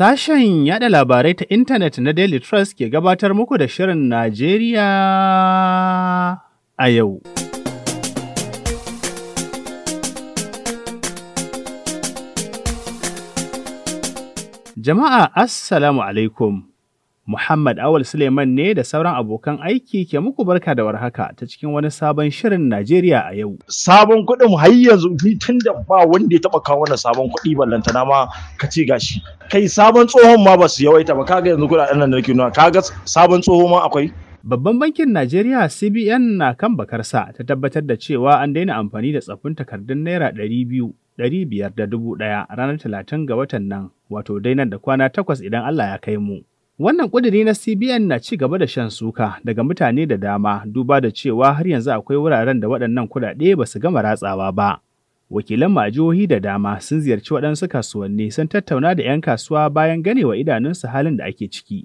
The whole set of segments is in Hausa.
Sashen yada labarai ta intanet na Daily Trust ke gabatar muku da Shirin Najeriya a yau. Jama'a Assalamu alaikum. Muhammad Awal Suleiman ne da sauran abokan aiki ke muku barka da warhaka ta cikin wani sabon shirin Najeriya a yau. Sabon kuɗin har yanzu tun da ba wanda ya taɓa kawo wani sabon kuɗi ballantana ma ka ci gashi. Kai sabon tsohon ma ba su yawaita ba kaga yanzu kuɗaɗen nan da ke nuna kaga sabon tsoho ma akwai. Babban bankin Najeriya CBN na kan bakarsa ta tabbatar da cewa an daina amfani da tsaffin takardun Naira ɗari biyu biyar da dubu ɗaya ranar talatin ga watan nan wato dainan da kwana takwas idan Allah ya kai mu. Wannan ƙuduri na CBN na ci gaba da shan suka daga mutane da dama duba da cewa har yanzu akwai wuraren da waɗannan kuɗaɗe ba su gama ratsawa ba. Wakilan majihohi da dama sun ziyarci waɗansu kasuwanni sun tattauna da 'yan kasuwa bayan ganewa idanunsu halin da ake ciki.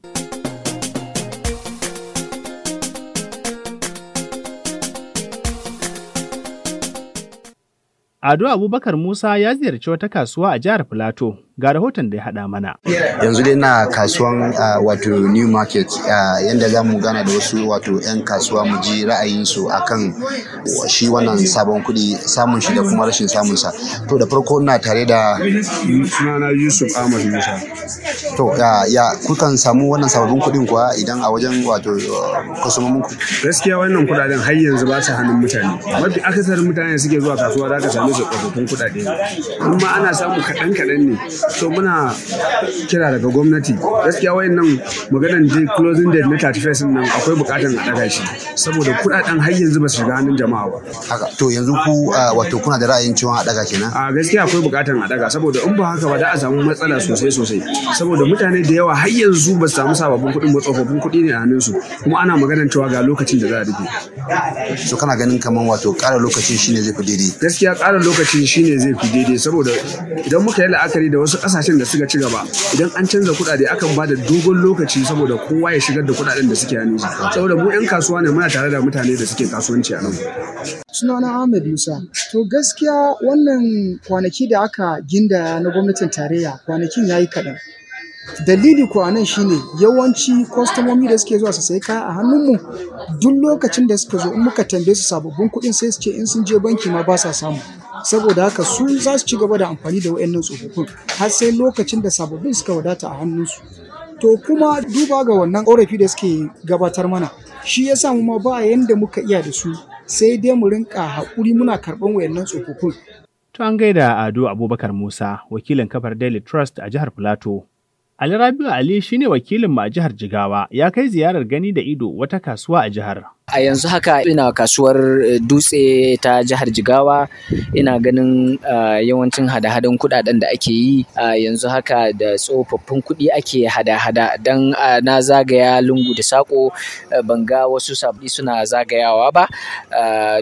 Ado Abubakar Musa ya ziyarci wata kasuwa a jihar Filato ga rahoton da ya haɗa mana. Yanzu dai na kasuwan wato New Market yadda za mu gana da wasu wato 'yan kasuwa mu ji ra'ayinsu a kan shi wannan sabon kuɗi samun shi da kuma rashin samun sa. To da farko na tare da. Sunana Yusuf Ahmad Musa. To ya kukan samu wannan sababbin kuɗin kuwa idan a wajen wato uh, kasuwan ku. Gaskiya wannan kuɗaɗen har yanzu ba su hannun mutane. Mafi akasarin mutane suke zuwa kasuwa za ka same su tsofaffin kuɗaɗe. Kuma ana samu kaɗan-kaɗan ne. so muna kira daga gwamnati gaskiya wayannan maganan da closing date na 31 nan akwai bukatan a daga shi saboda kudaden har yanzu ba su shiga hannun jama'a ba haka to yanzu ku wato kuna da ra'ayin cewa a daga kenan a gaskiya akwai bukatan a daga saboda in ba haka ba za a samu matsala sosai sosai saboda mutane da yawa har yanzu ba su samu sababbin kuɗin ba tsofaffin kuɗi ne a hannun su kuma ana maganan cewa ga lokacin da za a rufe so kana ganin kaman wato ƙara lokacin shine zai fi daidai gaskiya ƙara lokacin shine zai fi daidai saboda idan muka yi la'akari da wasu wasu kasashen da suka ci gaba idan an canza kuɗaɗe akan ba da dogon lokaci saboda kowa ya shigar da kuɗaɗen da suke hannu saboda mu 'yan kasuwa ne muna tare da mutane da suke kasuwanci a nan sunana Ahmed Musa. To gaskiya wannan kwanaki da aka ginda na gwamnatin tarayya kwanakin ya yi kaɗan. Dalili kuwa nan shine yawanci kwastomomi da suke zuwa su sai kaya a hannunmu duk lokacin da suka zo in muka tambaye su sababbin kuɗin sai su ce in sun je banki ma ba sa samu. saboda haka su za su ci gaba da amfani da wayannan tsofaffin har sai lokacin da sababbin suka wadata a hannunsu to kuma duba ga wannan ƙorafi da suke gabatar mana shi ya samu ma ba yanda muka iya da su sai dai mu rinka haƙuri muna karɓan wayannan tsofaffin to an gaida ado abubakar musa wakilin kafar daily trust a jihar filato Ali Rabiu Ali shine wakilin mu a jihar Jigawa ya kai ziyarar gani da ido wata kasuwa a jihar. A yanzu haka ina kasuwar eh, Dutse ta jihar Jigawa. Ina ganin ah, yawancin hada-hadan kuɗaɗen da ake yi a ah, yanzu haka da tsofaffin kuɗi ake hada-hada. don ah, na zagaya lungu da saƙo eh, ban ga wasu sabbi suna zagayawa ba.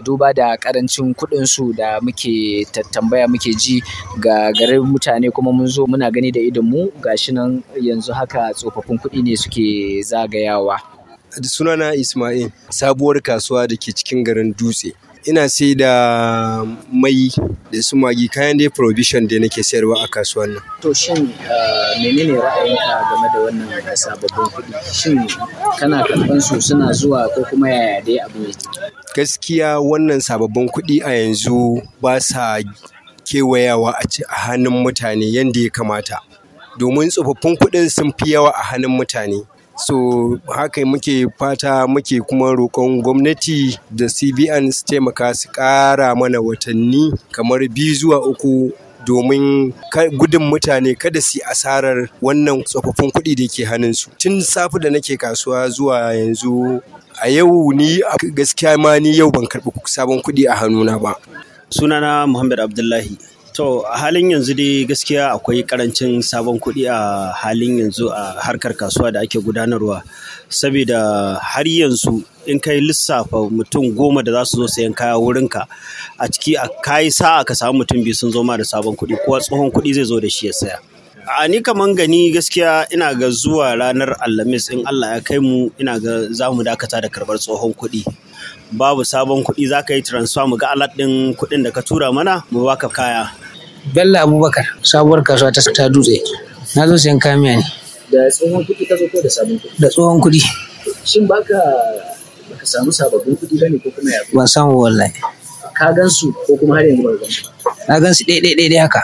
Duba da ƙarancin kuɗinsu da muke tambaya muke ji ga garin mutane kuma mun zo muna gani da idonmu. Ga nan yanzu haka tsofaffin kuɗi ne suke zagayawa. sunana Ismail sabuwar kasuwa da ke cikin garin Dutse. Ina sai da mai da su magi kayan dai provision da nake sayarwa a kasuwan nan. To shin eh, menene ra'ayinka game da wannan sababbin kuɗi? Shin kana karɓan su suna zuwa ko kuma yaya dai abu Gaskiya wannan sababbin kuɗi a yanzu ba sa kewayawa a hannun mutane yadda ya kamata. Domin tsofaffin kuɗin sun fi yawa a hannun mutane. So haka muke fata muke kuma roƙon gwamnati da CBN su taimaka su ƙara mana watanni kamar biyu zuwa uku domin gudun mutane kada su asarar wannan tsofaffin kuɗi da ke hannunsu. Tun safe da nake kasuwa zuwa yanzu a yau ni gaskiya ma ni yau ban karɓi sabon kuɗi a hannuna ba. Sunana Muhammad Abdullahi. To halin yanzu dai gaskiya akwai karancin sabon kuɗi a halin yanzu a harkar kasuwa da ake gudanarwa. Saboda har yanzu in kai lissafa mutum goma da za su zo sayan kaya wurinka, a ciki a kayi sa'a ka samu mutum biyu sun zo ma da sabon kuɗi, ko tsohon kuɗi zai zo da shi ya saya. A ni kaman gani gaskiya ina ga zuwa ranar Alhamis in Allah ya kai mu ina ga za mu dakata da karbar tsohon kuɗi. Babu sabon kuɗi za ka yi transfer mu ga alat ɗin kuɗin da ka tura mana mu baka kaya. Bello Abubakar sabuwar kasuwa ta ta dutse. Na zo sayan kamiya ne. Da tsohon kuɗi ka zo ko da sabon kuɗi? Da tsohon kuɗi. Shin baka baka samu sababbin kuɗi bane ko kuma ya? Ban samu wallahi. Ka gan su ko kuma har yanzu ba ka su? Na gan su ɗaya ɗaya ɗaya haka.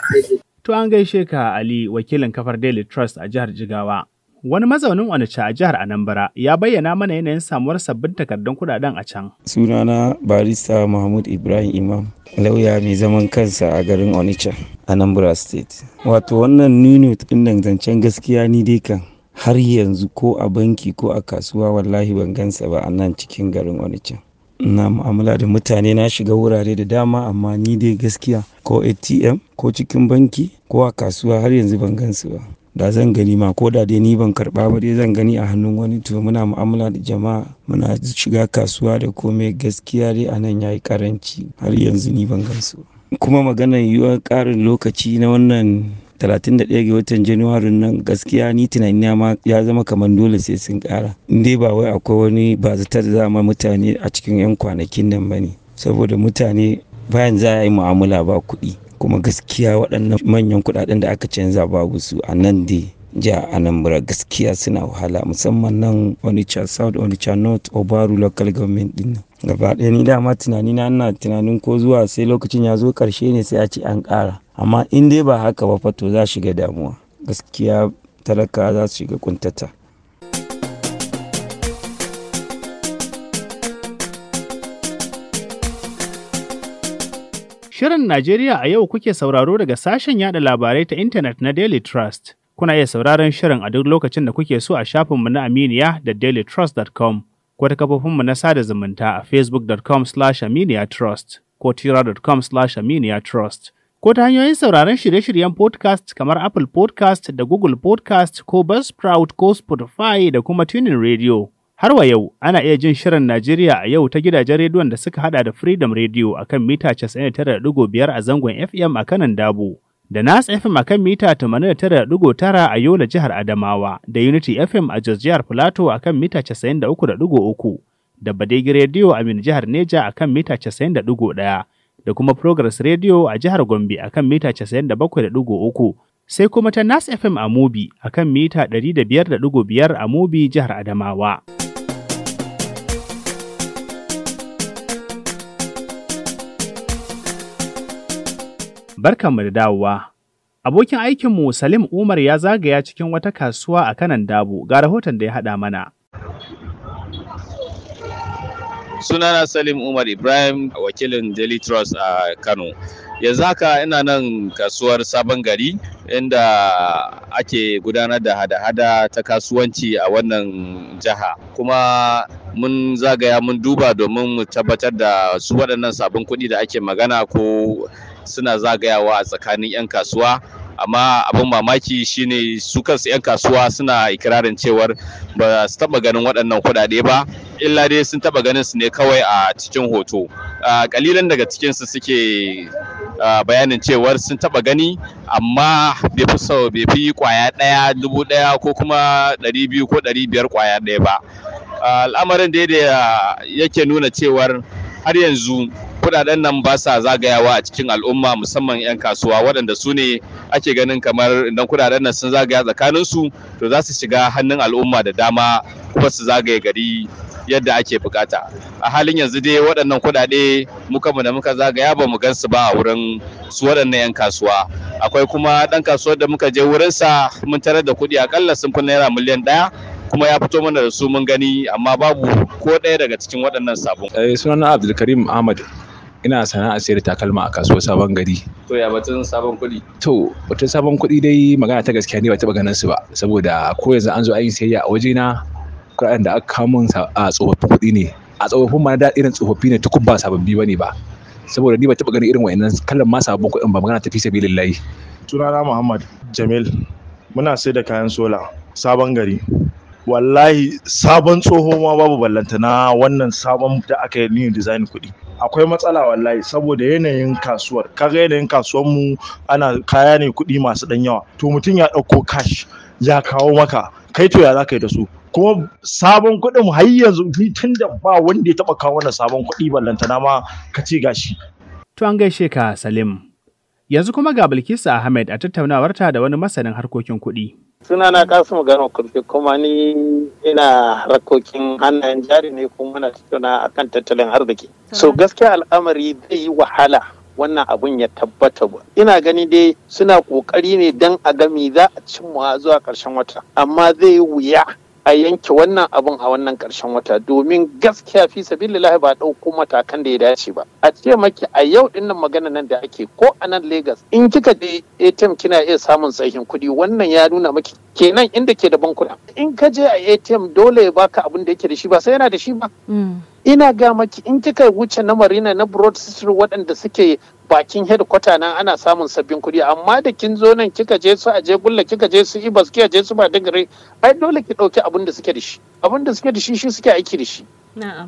To an gaishe ka Ali wakilin kafar Daily Trust a jihar Jigawa. Wani mazaunin Onitsha a jihar Anambra ya bayyana mana yanayin samuwar sabbin takardun kudaden a can. Sunana barista Mahmud Ibrahim Imam, lauya mai zaman kansa a garin Onitsha, Anambra State. Wato wannan nino ɗin zancen gaskiya ni dai kan har yanzu ko a banki ko a kasuwa wallahi ban gansa ba a nan cikin garin Onitsha. Na mu'amala da mutane na shiga wurare da dama amma ni dai gaskiya ko ATM ko cikin banki ko a kasuwa har yanzu ban gansu ba. da zan gani ma ko da dai ni ban karba ba dai zan gani a hannun wani to muna mu'amala da jama'a muna shiga kasuwa da komai gaskiya dai a nan yayi karanci har yanzu ni ban gansu kuma maganar yiwuwar karin lokaci na wannan 31 ga watan januwarin nan gaskiya ni tunani ma ya zama kamar dole sai sun kara dai ba wai akwai wani ba zata da zama mutane a cikin 'yan kwanakin nan ba ne saboda mutane bayan za a yi mu'amala ba kuɗi kuma gaskiya waɗannan manyan kuɗaɗen da aka canza babu su a nan dai jiha anambra gaskiya suna wahala musamman nan onitsha south onitsha north obaru local government din nan gaba ɗaya ni dama tunani na ina tunanin ko zuwa sai lokacin ya zo ƙarshe ne sai a ce an ƙara amma in dai ba haka ba fato za shiga damuwa gaskiya talaka za su shiga ƙuntata. Shirin Najeriya a yau kuke sauraro daga sashen yada labarai ta intanet na Daily Trust. Kuna iya sauraron shirin a duk lokacin da kuke so a shafinmu na Aminiya da dailytrust.com ko ta kafofinmu na sada zumunta a facebook.com slash aminiyatrust ko tira.com slash aminiyatrust ko ta hanyoyin sauraron shirye-shiryen podcast kamar Apple podcast da Google podcast ko Buzzsprout ko Spotify da kuma Tuning Radio. Har wa yau, ana iya jin shirin Najeriya a yau ta gidajen rediyon da suka hada da Freedom Radio a kan mita 99.5 a zangon FM a kanan Dabo, da Nas FM a kan mita 89.9 a Yola jihar Adamawa, da Unity FM a Jos jihar Plateau a kan mita 93.3, da Badegi Radio a Min jihar Neja a kan mita 91, da kuma Progress Radio a jihar Gombe a kan mita 97.3. Sai kuma ta Nas FM a Mubi a kan mita 105.5 a Mobi jihar Adamawa. barkanmu da dawowa. Abokin aikinmu Salim Umar ya zagaya cikin wata kasuwa a kanan dabu, ga rahoton da ya haɗa mana. Sunana Salim Umar Ibrahim wakilin Daily Trust a Kano. yanzu haka ina nan kasuwar sabon gari inda ake gudanar da hada-hada ta kasuwanci a wannan jiha kuma mun zagaya mun duba domin mu tabbatar da su waɗannan sabon kuɗi da ake magana ko suna zagayawa a tsakanin 'yan kasuwa amma abin mamaki shine su kansu 'yan kasuwa suna ikirarin cewar ba su taba ganin waɗannan kuɗaɗe ba illa dai sun taba ganin su ne kawai a cikin hoto a kalilan daga cikinsu suke bayanin cewar sun taba gani amma bai fi sau bai fi kwaya ɗaya dubu ɗaya ko kuma ɗari biyu ko ɗari biyar kwaya ɗaya ba al'amarin da yake nuna cewar har yanzu kudaden nan ba sa zagayawa a cikin al'umma musamman 'yan kasuwa waɗanda su ne ake ganin kamar idan kudaden nan sun zagaya tsakanin su to za su shiga hannun al'umma da dama kuma su zagaye gari yadda ake bukata a halin yanzu dai waɗannan kudade muka mu da muka zagaya ba mu gan su ba a wurin su waɗannan 'yan kasuwa akwai kuma ɗan kasuwar da muka je wurinsa mun tarar da kuɗi akalla sun fi naira miliyan ɗaya kuma ya fito mana da su mun gani amma babu ko ɗaya daga cikin waɗannan sabon. Eh, sunana abdulkarim ahmad ina sana'a sayar da takalma a kasuwar sabon gari. To ya batun sabon kuɗi? To batun sabon kuɗi dai magana ta gaskiya ne ba taɓa ganin su ba saboda ko yanzu an zo an yi sayayya a wajena kuɗaɗen da aka kawo min a tsofaffin kuɗi ne a tsofaffin ma da irin tsofaffi ne tukun ba sababbi ba ne ba saboda ni ba taɓa ganin irin wa'annan kallon ma sababbin kuɗin ba magana ta fi lallai. Sunana Muhammad Jamil muna sai da kayan sola sabon gari. Wallahi sabon tsoho ma babu ballanta na wannan sabon da aka yi new design kuɗi. akwai matsala wallahi saboda yanayin kasuwar kaga yanayin kasuwar mu ana kaya ne kuɗi masu ɗan yawa to mutum ya ɗauko cash ya kawo maka kai to ya za yi da su kuma sabon kuɗin har yanzu ni tun da ba wanda ya taɓa kawo mana sabon kuɗi ballantana ma ka ce gashi. To an gaishe ka Salim. Yanzu kuma ga Bilkisu Ahmed a tattaunawarta da wani masanin harkokin kuɗi. Sunana Kasimu Gano Kurfi kuma ni ina harkokin hannayen jari ne kuma na tattauna kan tattalin arziki. So gaskiya al'amari zai yi wahala wannan abun ya tabbata ba. Ina gani dai suna kokari ne don a gami za a cimma zuwa ƙarshen wata, amma zai yi wuya a yanke wannan abin a wannan karshen wata domin gaskiya fi sabilillahi ba ɗauko matakan da ya dace ba a ce maki a yau dinnan magana nan da ake ko a nan Legas in kika je ATM kina iya samun tsayin kuɗi wannan ya nuna maki kenan inda ke da bankuna in ka je a ATM dole ya baka abin da yake da shi ba sai yana da shi ba mm. ina ga maki in kika wuce na marina na broad sister waɗanda suke bakin headquarter nan ana samun sabbin kuɗi amma da kin zo nan kika je su aje gulla kika je su ibas kika je su badagare ai dole ki ɗauki abin da suke da shi abin da suke da shi shi suke aiki da shi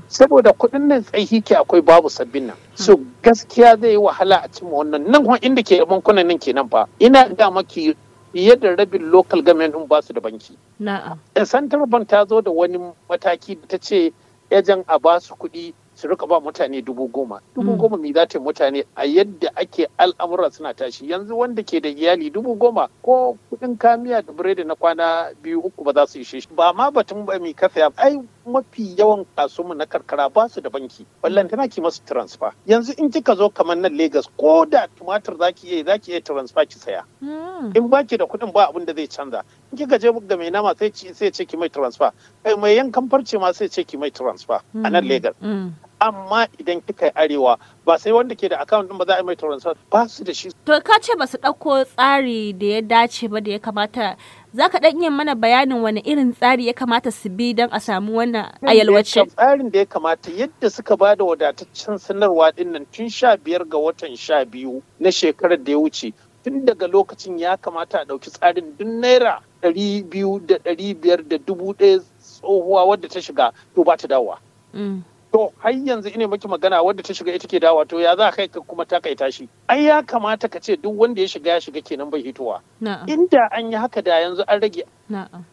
saboda kuɗin nan tsayi ke akwai babu sabbin nan hmm. so gaskiya zai yi wahala a cimma wannan nan kuma inda ke bankunan nan kenan fa ina ga maki fiye da rabin local government din basu da banki na'am central bank ta zo da wani mataki da ta ce ejan a basu kuɗi su rika ba mutane dubu goma dubu mm. goma mai za ta mutane a yadda ake al'amura suna tashi yanzu wanda ke da iyali dubu goma ko kudin kamiya da biredi na kwana biyu uku ba za su ishe shi ba ma batun ba mi kasa ai mafi yawan kasuwanmu na karkara ba su da banki wallan tana ki masu transfer yanzu in kika zo kamar nan Legas ko da tumatir zaki iya zaki iya transfer ki saya mm. in baki da kuɗin ba abin da zai canza kika je ga mai nama sai sai ce ki mai transfer kai mai yankan farce ma sai ce ki mai transfer a nan mm, Lagos mm. amma idan kika yi arewa ba sai wanda ke da account din ba za a mai transfer ba su da shi to ka ce ba su dauko tsari da ya dace ba da ya kamata za dan yin mana bayanin wani irin tsari ya kamata su bi don a samu wannan ayalwace tsarin da ya kamata yadda suka ba da wadataccen sanarwa dinnan tun sha biyar ga watan sha biyu na shekarar da ya wuce tun daga lokacin ya kamata a ɗauki tsarin duk naira ɗari biyu da ɗari biyar da dubu ɗaya tsohuwa wadda ta shiga to ba ta dawowa. Mm. To har yanzu ina maki magana wadda ta shiga ita ke dawa to ya za kai ka kuma ta kai tashi. Ai ya kamata ka ce duk wanda ya shiga ya shiga kenan bai hitowa. Inda an yi haka da yanzu an rage.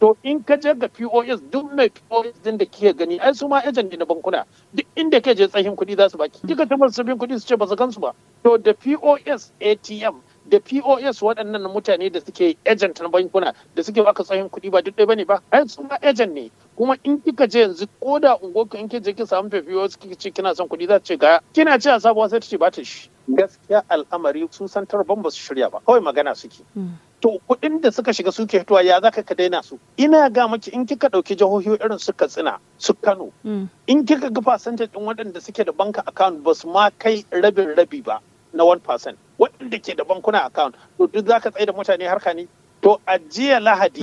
To in ka je ga POS duk mai POS din da kike gani ai su ma ejan ne na bankuna duk inda kai je tsahin kuɗi za su baki. Kika tabbata sabbin kuɗi su ce ba su gansu ba. To da POS ATM da POS waɗannan mutane da suke agent na bankuna da suke baka tsayin kuɗi ba duk ɗaya bane ba ai su ma agent ne kuma in kika je yanzu ko da ungoku in je ki samu POS kike ce kina son kuɗi za ce ga kina ce a sabuwa sai ta ce ba ta shi gaskiya al'amari sun san tarban ba su shirya ba kawai magana suke hmm. to kuɗin da suka shiga suke fitowa ya zaka ka daina su ina ga maki in kika ɗauki jihohi irin su Katsina su Kano hmm. in kika ga fasanta din waɗanda suke da banka account ba su ma kai rabin rabi ba na 1% waɗanda ke da bankuna account to duk za ka tsaye da mutane harka ne to a jiya lahadi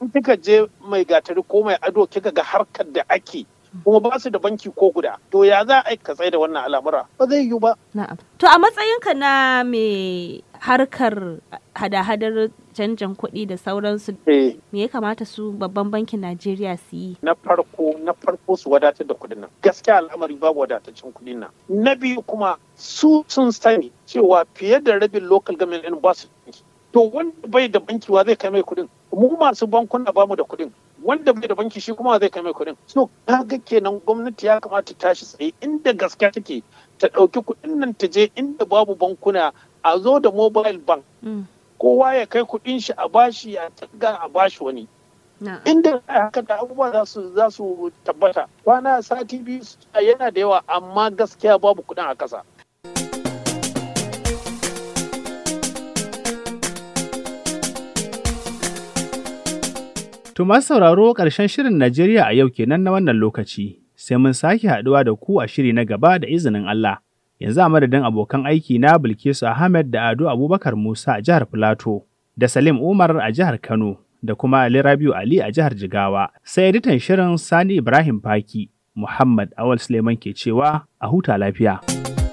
in kika je mai gatari ko mai ado kika ga harkar da ake kuma ba su da banki ko guda to ya za a ka tsaye da wannan al'amura ba zai yiwu ba to a matsayinka na mai harkar hada-hadar canjin kuɗi da sauransu eh. me ya kamata su babban bankin Najeriya su yi? Na farko, na farko su wadatar da kuɗin nan. Gaskiya al'amari babu wadataccen kuɗin nan. Na biyu kuma su sun sani cewa fiye da rabin local government ɗin ba su To wanda bai da banki wa zai kai mai kuɗin? Mu masu bankuna ba mu da kuɗin. wanda bai da banki shi kuma zai kai mai kuɗin so kaga kenan gwamnati ya kamata tashi tsaye inda gaskiya take ta ɗauki kuɗin nan ta je inda babu bankuna a zo da mobile bank mm. kowa ya kai kudin shi a bashi ya tagga a bashi wani inda haka da abubuwa za su tabbata kwana sati biyu yana da yawa amma gaskiya babu kudin a kasa Tumar sauraro ƙarshen shirin Najeriya a yau kenan na wannan lokaci, sai mun sake haɗuwa da ku a shiri na gaba da izinin Allah. Yanzu a madadin abokan aiki na Bilkisu Ahmed da Ado Abubakar Musa a jihar Filato, da Salim Umar a jihar Kano, da kuma Ali Rabiu Ali a jihar Jigawa, sai editan shirin Sani Ibrahim Faki, Muhammad Awal Suleiman ke cewa a huta lafiya.